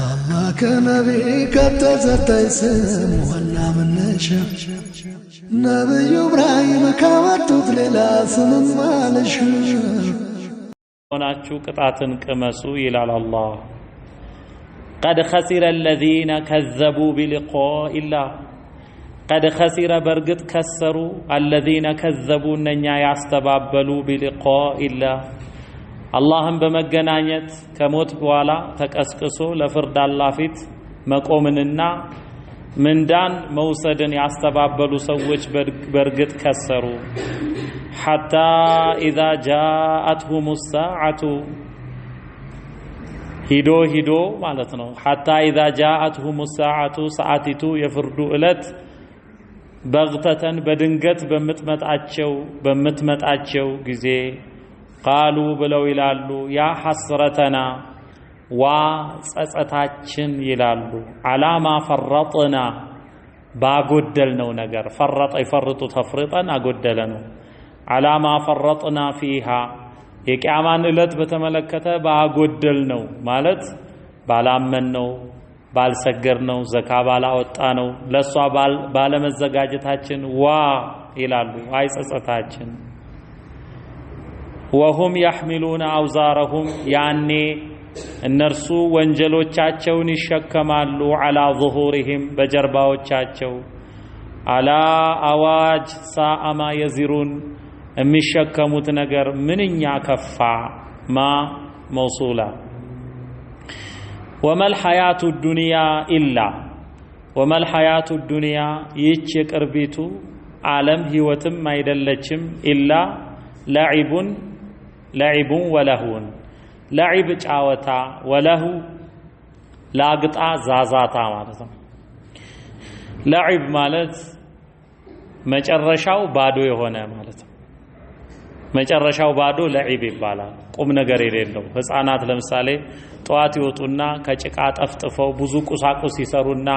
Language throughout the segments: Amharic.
الله كان بيك ابتزت اسم ولا من نشم نبي ابراهيم كاوتوت للاسم مالشم هنا تشوك كمسو الى الله قد خسر الذين كذبوا بلقاء الله قد خسر برقد كسروا الذين كذبوا ان يستبابلوا بلقاء الله አላህን በመገናኘት ከሞት በኋላ ተቀስቅሶ ለፍርድ አላህ ፊት መቆምንና ምንዳን መውሰድን ያስተባበሉ ሰዎች በእርግጥ ከሰሩ። ሐታ ኢዛ ጃአትሁም ሰዓቱ ሂዶ ሂዶ ማለት ነው። ሐታ ኢዛ ጃአትሁም ሰዓቱ ሰዓቲቱ የፍርዱ ዕለት በግተተን በድንገት በምትመጣቸው በምትመጣቸው ጊዜ ቃሉ ብለው ይላሉ። ያ ሐስረተና ዋ ጸጸታችን ይላሉ። አላማ ፈረጥና ባጎደል ነው ነገር ፈረጠ ይፈርጡ ተፍርጠን አጎደለ ነው። አላማ ፈረጥና ፊሃ የቅያማን ዕለት በተመለከተ ባጎደልነው ማለት ባልሰገር ነው ዘካ ባላወጣ ነው። ለእሷ ባለመዘጋጀታችን ዋ ይላሉ። አይ ጸጸታችን ወሁም ያሕሚሉነ አውዛረሁም ያኔ እነርሱ ወንጀሎቻቸውን ይሸከማሉ። አላ ዙሁሪሂም በጀርባዎቻቸው አላ አዋጅ ሳአማ የዚሩን የሚሸከሙት ነገር ምንኛ ከፋ። ማ መውሱላ ወመል ሐያቱ ዱንያ ኢላ ወመል ሐያቱ ዱንያ ይች የቅርቢቱ ዓለም ህይወትም አይደለችም ኢላ ለዒቡን ለዒቡን ወለሁን ለዒብ ጫወታ፣ ወለሁ ላግጣ ዛዛታ ማለት ነው። ለዒብ ማለት መጨረሻው ባዶ የሆነ ማለት ነው። መጨረሻው ባዶ ለዒብ ይባላል። ቁም ነገር የሌለው ህፃናት ለምሳሌ ጠዋት ይወጡና ከጭቃ ጠፍጥፈው ብዙ ቁሳቁስ ይሰሩና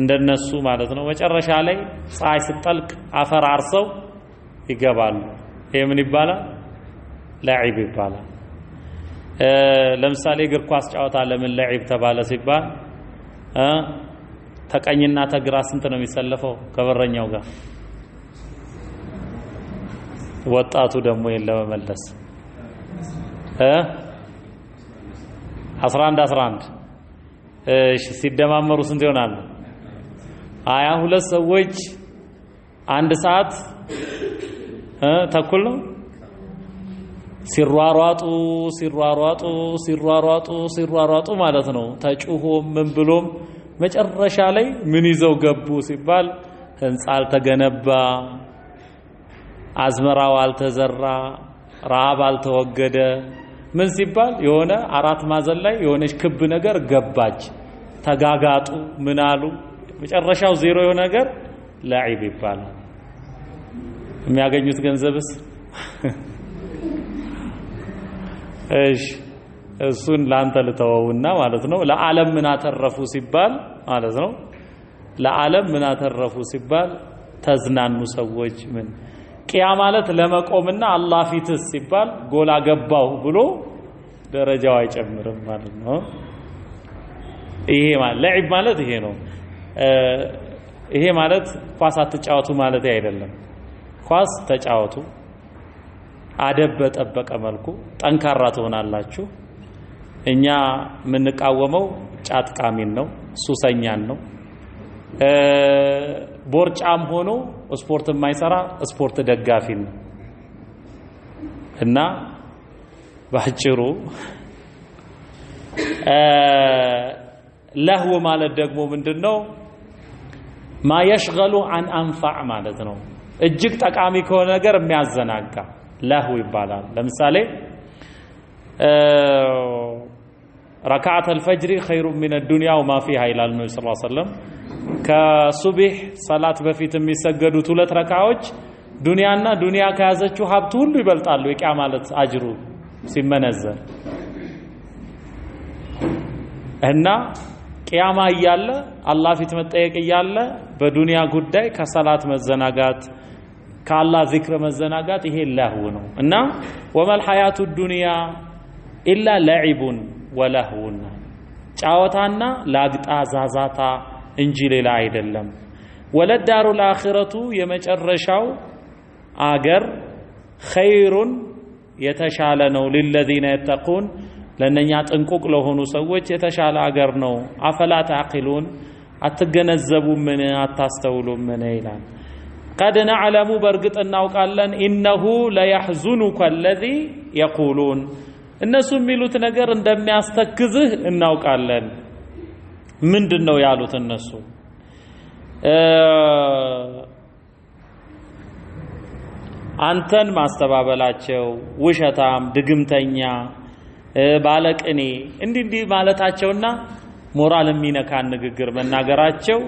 እንደነሱ ማለት ነው። መጨረሻ ላይ ፀሐይ ስትጠልቅ አፈር አርሰው ይገባሉ። ይህ ምን ይባላል? ለዒብ ይባላል። ለምሳሌ እግር ኳስ ጨዋታ ለምን ለዒብ ተባለ ሲባል ተቀኝና ተግራ ስንት ነው የሚሰለፈው ከበረኛው ጋር? ወጣቱ ደግሞ ይህን ለመመለስ እ 11 11 እሺ፣ ሲደማመሩ ስንት ይሆናሉ? ሀያ ሁለት ሰዎች አንድ ሰዓት ተኩል ነው ሲሯሯጡ ሲሯሯጡ ሲሯሯጡ ሲሯሯጡ ማለት ነው። ተጩሆም ምን ብሎም መጨረሻ ላይ ምን ይዘው ገቡ ሲባል ህንፃ አልተገነባ፣ አዝመራው አልተዘራ፣ ረሃብ አልተወገደ፣ ምን ሲባል የሆነ አራት ማዕዘን ላይ የሆነች ክብ ነገር ገባች። ተጋጋጡ፣ ምን አሉ፣ መጨረሻው ዜሮ የሆነ ነገር ለዒብ ይባላል። የሚያገኙት ገንዘብስ እሺ እሱን ላንተ ልተወውና ማለት ነው። ለዓለም ምን አተረፉ ሲባል ማለት ነው። ለዓለም ምን አተረፉ ሲባል ተዝናኑ ሰዎች ምን ቅያ ማለት ለመቆምና አላህ ፊትስ ሲባል ጎላ ገባሁ ብሎ ደረጃው አይጨምርም ማለት ነው። ይሄ ማለት ለዒብ ማለት ይሄ ነው። ይሄ ማለት ኳስ አትጫወቱ ማለት አይደለም። ኳስ ተጫወቱ አደብ በጠበቀ መልኩ ጠንካራ ትሆናላችሁ። እኛ የምንቃወመው ጫት ቃሚን ነው፣ ሱሰኛን ነው። ቦርጫም ሆኖ ስፖርት የማይሰራ ስፖርት ደጋፊ ነው እና ባጭሩ ለህው ማለት ደግሞ ምንድን ነው? ማየሽገሉ አን አንፋዕ ማለት ነው። እጅግ ጠቃሚ ከሆነ ነገር የሚያዘናጋ ለሁ ይባላል። ለምሳሌ ረካዓተ አልፈጅሪ ኸይሩ ሚነ ዱንያ ወማ ፊሃ ይላል ነብዩ ሰለላሁ ዐለይሂ ወሰለም። ከሱብህ ሰላት በፊት የሚሰገዱት ሁለት ረካዎች ዱንያና ዱንያ ከያዘችው ሀብት ሁሉ ይበልጣሉ። የቂያ ማለት አጅሩ ሲመነዘር እና ቂያማ እያለ አላህ ፊት መጠየቅ እያለ በዱንያ ጉዳይ ከሰላት መዘናጋት ከአላህ ዚክር መዘናጋት ይሄ ለህው ነው እና ወመል ሐያቱ ዱንያ ኢላ ለዒቡን ወለህውን ጫወታና ላግጣ ዛዛታ እንጂ ሌላ አይደለም። ወለዳሩ ለአኺረቱ የመጨረሻው አገር ኸይሩን የተሻለ ነው። ሊለዚነ የተቁን ለእነኛ ጥንቁቅ ለሆኑ ሰዎች የተሻለ አገር ነው። አፈላ ተዕቂሉን አትገነዘቡምን? አታስተውሉምን? ይላል ቀድ ነዕለሙ በእርግጥ እናውቃለን ኢነሁ ለያሕዙኑከ አለዚ የቁሉን እነሱ የሚሉት ነገር እንደሚያስተክዝህ እናውቃለን። ምንድን ነው ያሉት እነሱ አንተን ማስተባበላቸው፣ ውሸታም፣ ድግምተኛ፣ ባለቅኔ እንዲህ እንዲህ ማለታቸውና ሞራል የሚነካን ንግግር መናገራቸው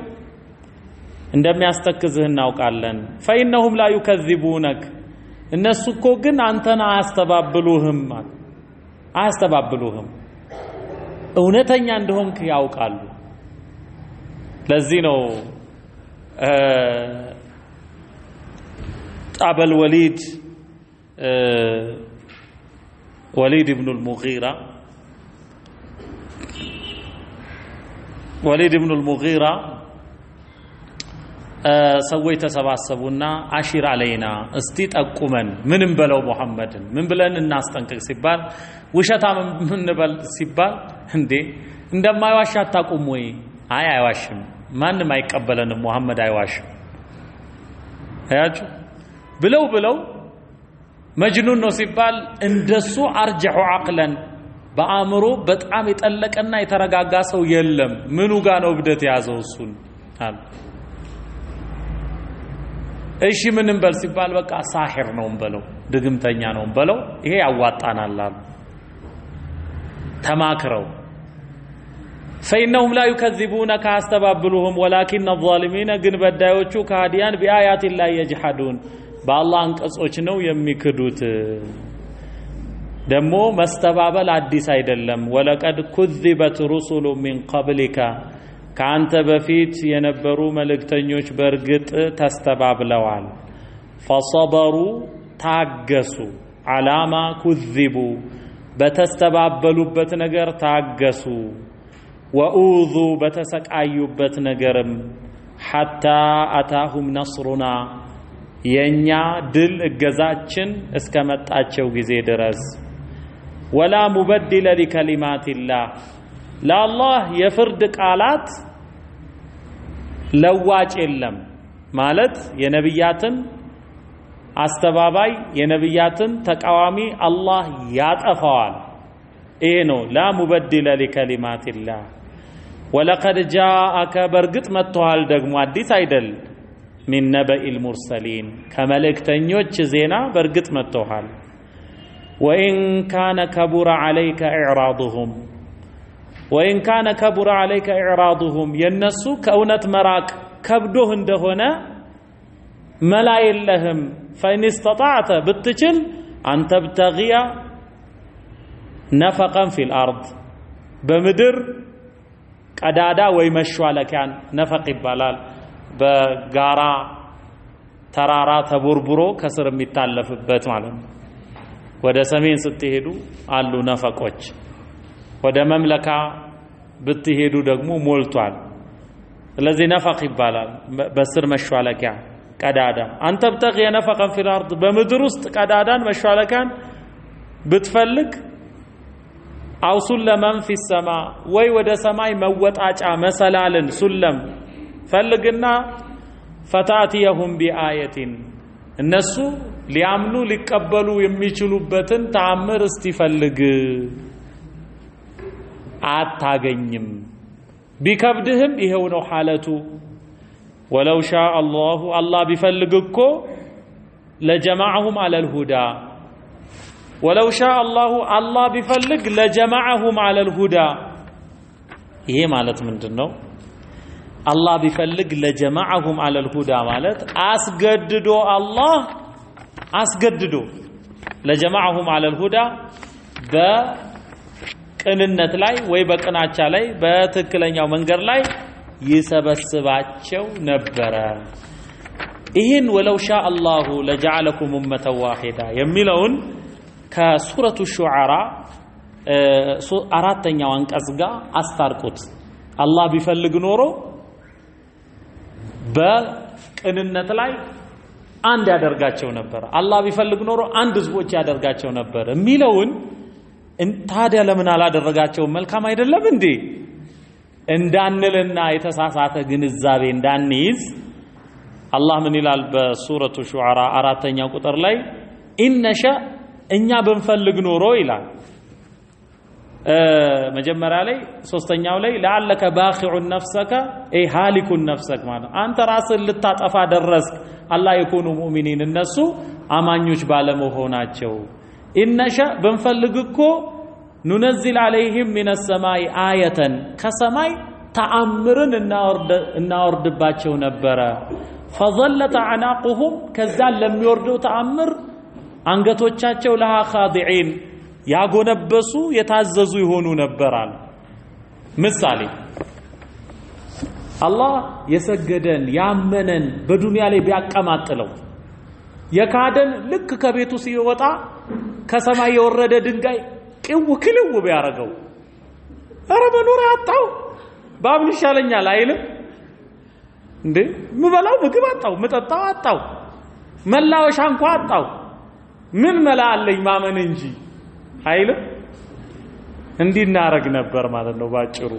እንደሚያስተክዝህ እናውቃለን። ፈኢነሁም ላ ዩከዚቡነክ እነሱ እኮ ግን አንተን አያስተባብሉህም አያስተባብሉህም እውነተኛ እንደሆንክ ያውቃሉ። ለዚህ ነው አበል ወሊድ ወሊድ ኢብኑል ሙጊራ ወሊድ ኢብኑል ሙጊራ ሰዎች ተሰባሰቡና አሺር አለይና እስቲ ጠቁመን ምንም በለው ሙሐመድን ምን ብለን እናስጠንቅቅ ሲባል ውሸታም ምንበል ሲባል እንዴ እንደማይዋሽ አታቁም ወይ? አይ አይዋሽም፣ ማንም አይቀበለንም፣ ሙሐመድ አይዋሽም። አያችሁ ብለው ብለው መጅኑን ነው ሲባል እንደሱ አርጀሑ አቅለን በአእምሮ በጣም የጠለቀና የተረጋጋ ሰው የለም። ምኑ ጋ ነው እብደት የያዘው እሱን አሉ። እሺ ምን እንበል ሲባል በቃ ሳሂር ነው እንበለው፣ ድግምተኛ ነው እንበለው፣ ይሄ ያዋጣናል አሉ ተማክረው። ፈኢነሁም ላ ዩከዚቡነከ አስተባብሉሁም ወላኪነ ዛሊሚነ ግን በዳዮቹ ከሃዲያን ቢአያት ላይ የጅሐዱን በአላህ አንቀጾች ነው የሚክዱት። ደግሞ መስተባበል አዲስ አይደለም። ወለቀድ ኩዚበት ሩሱሉ ሚን ቀብሊካ ከአንተ በፊት የነበሩ መልእክተኞች በእርግጥ ተስተባብለዋል። ፈሰበሩ ታገሱ፣ አላማ ኩዚቡ በተስተባበሉበት ነገር ታገሱ፣ ወኡዙ በተሰቃዩበት ነገርም ሐታ አታሁም ነስሩና የእኛ ድል እገዛችን እስከመጣቸው ጊዜ ድረስ ወላ ሙበድለ ሊከሊማቲላህ ለአላህ የፍርድ ቃላት ለዋጭ የለም ማለት የነብያትን አስተባባይ የነብያትን ተቃዋሚ አላህ ያጠፋዋል። ይሄ ነው ላ ሙበድለ ሊከሊማቲላህ ወለቀድ ጃአከ በእርግጥ መጥተዋል። ደግሞ አዲስ አይደል። ሚን ነበኢል ሙርሰሊን ከመልእክተኞች ዜና በእርግጥ መጥተዋል። ወኢን ካነ ከቡረ ዓለይከ ኢዕራድሁም وإن كان كبر عليك إعراضهم ينسو كونة مراك كبده هنا ملا لهم فإن استطعت بالتجل أن تبتغي نفقا في الأرض بمدر أدادا ويمشوا لك كان نفق بلال بقارا ترارا تبربرو كسر متالف بيت معلوم ودا سمين ستهدو قالوا نفق وجه ودا مملكة ብትሄዱ ደግሞ ሞልቷል። ስለዚህ ነፈቅ ይባላል። በስር መሿለኪያ ቀዳዳ አንተ ብተቅ የነፈቀን ፊል አርድ በምድር ውስጥ ቀዳዳን መሿለኪያን ብትፈልግ አው ሱለመን ፊ ሰማ ወይ ወደ ሰማይ መወጣጫ መሰላልን ሱለም ፈልግና ፈታእትየሁም ቢአየቲን እነሱ ሊያምኑ ሊቀበሉ የሚችሉበትን ተአምር እስቲ ፈልግ አታገኝም። ቢከብድህም ይሄው ነው ሐለቱ። ወለው ሻ አላሁ አላህ ቢፈልግ እኮ ለጀማዐሁም አለል ሁዳ ወለው ሻ አላሁ አላህ ቢፈልግ ለጀማዐሁም አለል ሁዳ። ይሄ ማለት ምንድን ነው? አላህ ቢፈልግ ለጀማዐሁም አለልሁዳ ማለት አስገድዶ አላህ አስገድዶ ለጀማዐሁም አለልሁዳ? በ ቅንነት ላይ ወይ በቅናቻ ላይ በትክክለኛው መንገድ ላይ ይሰበስባቸው ነበረ። ይህን ወለው ሻ አላሁ ለጀዐለኩም ኡመተን ዋሂዳ የሚለውን ከሱረቱ ሹዓራ አራተኛው አንቀጽ ጋር አስታርቁት። አላህ ቢፈልግ ኖሮ በቅንነት ላይ አንድ ያደርጋቸው ነበር፣ አላህ ቢፈልግ ኖሮ አንድ ህዝቦች ያደርጋቸው ነበር የሚለውን ታዲያ ለምን አላደረጋቸውም? መልካም አይደለም እንዴ እንዳንልና የተሳሳተ ግንዛቤ እንዳንይዝ አላህ ምን ይላል በሱረቱ ሹዓራ አራተኛ ቁጥር ላይ ኢነሸ እኛ ብንፈልግ ኖሮ ይላል መጀመሪያ ላይ ሶስተኛው ላይ ለአለከ ባኺዑን ነፍሰከ ይ ሃሊኩን ነፍሰክ ማለት አንተ ራስን ልታጠፋ ደረስክ። አላ የኮኑ ሙእሚኒን እነሱ አማኞች ባለመሆናቸው ኢነሻ ብንፈልግ እኮ ኑነዚል አለይህም ሚነ ሰማይ አየተን ከሰማይ ተአምርን እናወርድባቸው ነበረ። ፈዘለት አዕናቁሁም ከዛ ለሚወርደው ተአምር አንገቶቻቸው ለሃ ኻዲዒን ያጎነበሱ የታዘዙ ይሆኑ ነበራል። ምሳሌ አላህ የሰገደን ያመነን በዱንያ ላይ ቢያቀማጥለው የካደን ልክ ከቤቱ ሲወጣ ከሰማይ የወረደ ድንጋይ ቅው ክልው ቢያደርገው ኧረ መኖር አጣው ባብሉ ይሻለኛል አይልም እንዴ? ምበላው ምግብ አጣው፣ ምጠጣው አጣው፣ መላወሻ እንኳ አጣው። ምን መላ አለኝ ማመን እንጂ አይልም። እንዲህ እናረግ ነበር ማለት ነው ባጭሩ።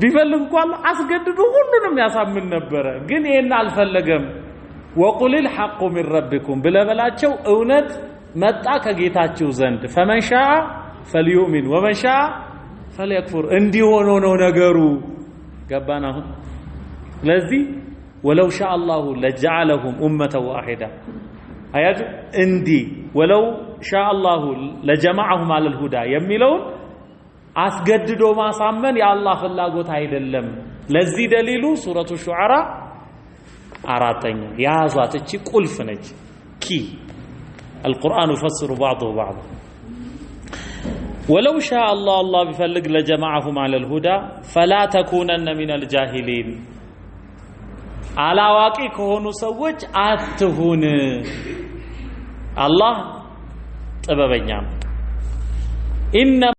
ቢፈልግ እንኳን አስገድዶ ሁሉንም ያሳምን ነበረ። ግን ይሄን አልፈለገም። ወቁል ልሐቁ ሚን ረቢኩም ብለህ እውነት መጣ ከጌታችሁ ዘንድ ፈመንሻ ፈልዩእሚን ወመንሻ ፈልየክፉር እንዲሆን ነው ነገሩ ገባን አሁን ስለዚህ ወለው ሻ አላሁ ለጀዐለሁም ኡመተ ዋሂዳ አያት እንዲህ ወለው ሻ አላሁ ለጀማዐሁም አለል ሁዳ የሚለውን አስገድዶ ማሳመን የአላህ ፍላጎት አይደለም ለዚህ ደሊሉ ሱረቱ ሹዓራ አራተኛ የያዟት እቺ ቁልፍ ነች ኪ القرآن يفسر بعضه بعضا ወለው ሻ አላህ አላህ ቢፈልግ ለጀማዐሁም አለል ሁዳ ፈላ ተኩነነ ሚነል ጃሂሊን አላዋቂ ከሆኑ ሰዎች አትሁን። አላህ ጥበበኛ ነው።